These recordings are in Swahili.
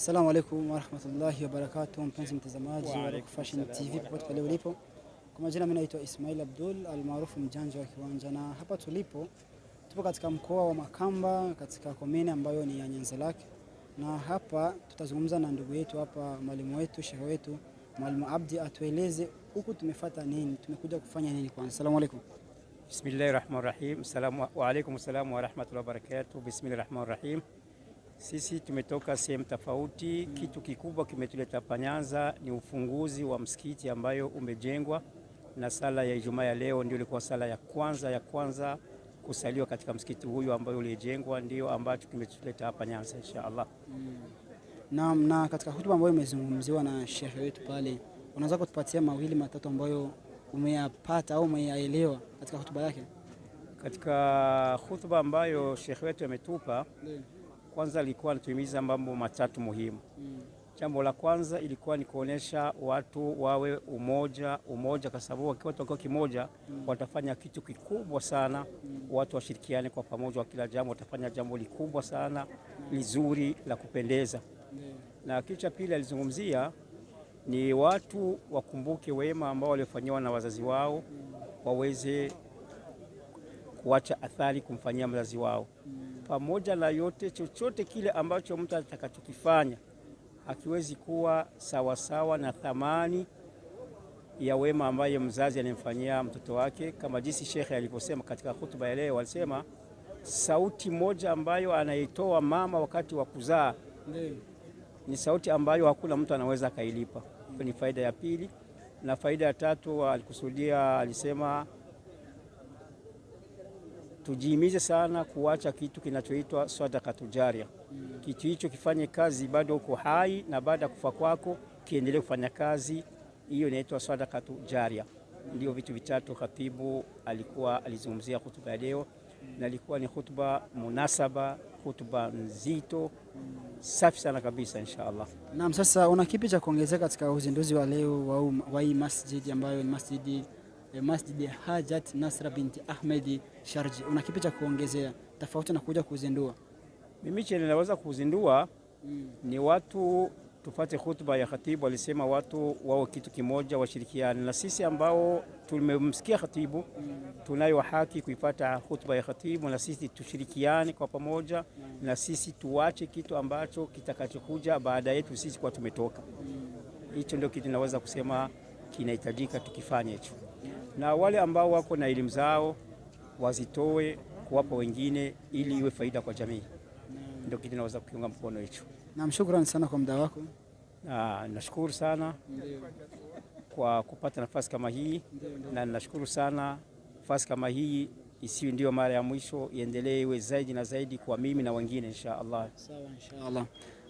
Assalamu alaikum warahmatullahi wabarakatuh, mpenzi mtazamaji wa Fashion TV popote pale ulipo, kwa majina mimi naitwa Ismail Abdul almaarufu mjanja wa kiwanja, na hapa tulipo tupo katika mkoa wa Makamba katika komini ambayo ni ya Nyanza Lake, na hapa tutazungumza na ndugu yetu hapa, mwalimu wetu, shehe wetu, mwalimu Abdi atueleze huku tumefata nini, tumekuja kufanya nini kwanza. Assalamu alaikum. Bismillahirrahmanirrahim. Salamu alaykum salamu wa rahmatullahi wa barakatuh. Bismillahirrahmanirrahim. Sisi tumetoka sehemu tofauti. Kitu kikubwa kimetuleta Panyanza ni ufunguzi wa msikiti ambayo umejengwa, na sala ya Ijumaa ya leo ndio ilikuwa sala ya kwanza ya kwanza kusaliwa katika msikiti huyu ambayo ulijengwa, ndio ambacho kimetuleta hapa Nyanza insha Allah. Mm. na katika hotuba ambayo imezungumziwa na shekhe wetu pale, unaweza kutupatia mawili matatu ambayo umeyapata au umeyaelewa katika hotuba yake? Katika hotuba ambayo shekhe wetu ametupa kwanza ilikuwa natuimiza mambo matatu muhimu mm. Jambo la kwanza ilikuwa ni kuonesha watu wawe umoja umoja, kwa sababu wakiwa watu kimoja mm. watafanya kitu kikubwa sana mm. Watu washirikiane kwa pamoja, wa kila jambo watafanya jambo likubwa sana mm. lizuri la kupendeza yeah. Na kitu cha pili alizungumzia ni watu wakumbuke wema ambao waliofanyiwa na wazazi wao, mm. waweze kuacha athari kumfanyia mzazi wao mm pamoja na yote, chochote kile ambacho mtu atakachokifanya hakiwezi kuwa sawasawa sawa na thamani ya wema ambaye mzazi anamfanyia mtoto wake, kama jinsi shekhe alivyosema katika hutuba ya leo. Alisema sauti moja ambayo anaitoa mama wakati wa kuzaa ni sauti ambayo hakuna mtu anaweza akailipa. ni faida ya pili, na faida ya tatu alikusudia, alisema tujiimize sana kuacha kitu kinachoitwa sadaka tujaria. Kitu hicho kifanye kazi bado uko hai, na baada ya kufa kwako kiendelee kufanya kazi hiyo, inaitwa sadaka tujaria. Ndio vitu vitatu khatibu alikuwa alizungumzia hutuba ya leo, na ilikuwa ni hutuba munasaba, hutuba nzito, safi sana kabisa, insha Allah. Naam, sasa una kipi cha kuongezea katika uzinduzi wa leo wa hii masjidi ambayo ni masjidi Eh, Masjid Hajat Nasra binti Ahmed Sharji, una kipi cha kuongezea tofauti na kuja kuzindua? Mimi chenye naweza kuzindua mm. ni watu tufate hutuba ya khatibu, alisema watu wao kitu kimoja, washirikiane na sisi ambao tumemsikia khatibu mm. tunayo haki kuipata hutuba ya khatibu, na sisi tushirikiane kwa pamoja mm. na sisi tuwache kitu ambacho kitakachokuja baada yetu sisi kwa tumetoka mm. hicho mm. ndio kitu naweza kusema kinahitajika tukifanya hicho na wale ambao wako na elimu zao wazitoe kuwapa wengine ili iwe faida kwa jamii. Ndio kitu naweza kukiunga mkono hicho. Namshukrani sana kwa muda wako. Na nashukuru sana Ndiyo. kwa kupata nafasi kama hii Ndiyo. na nashukuru sana nafasi kama hii isiwe ndio mara ya mwisho, iendelee iwe zaidi na zaidi kwa mimi na wengine insha Allah. Sawa insha Allah.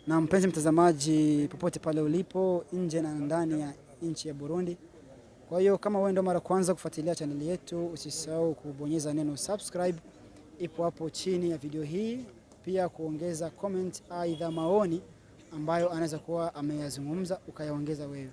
Na mpenzi mtazamaji, popote pale ulipo nje na ndani ya nchi ya Burundi kwa hiyo kama wewe ndio mara kwanza kufuatilia chaneli yetu, usisahau kubonyeza neno subscribe, ipo hapo chini ya video hii, pia kuongeza comment aidha maoni ambayo anaweza kuwa ameyazungumza ukayaongeza wewe.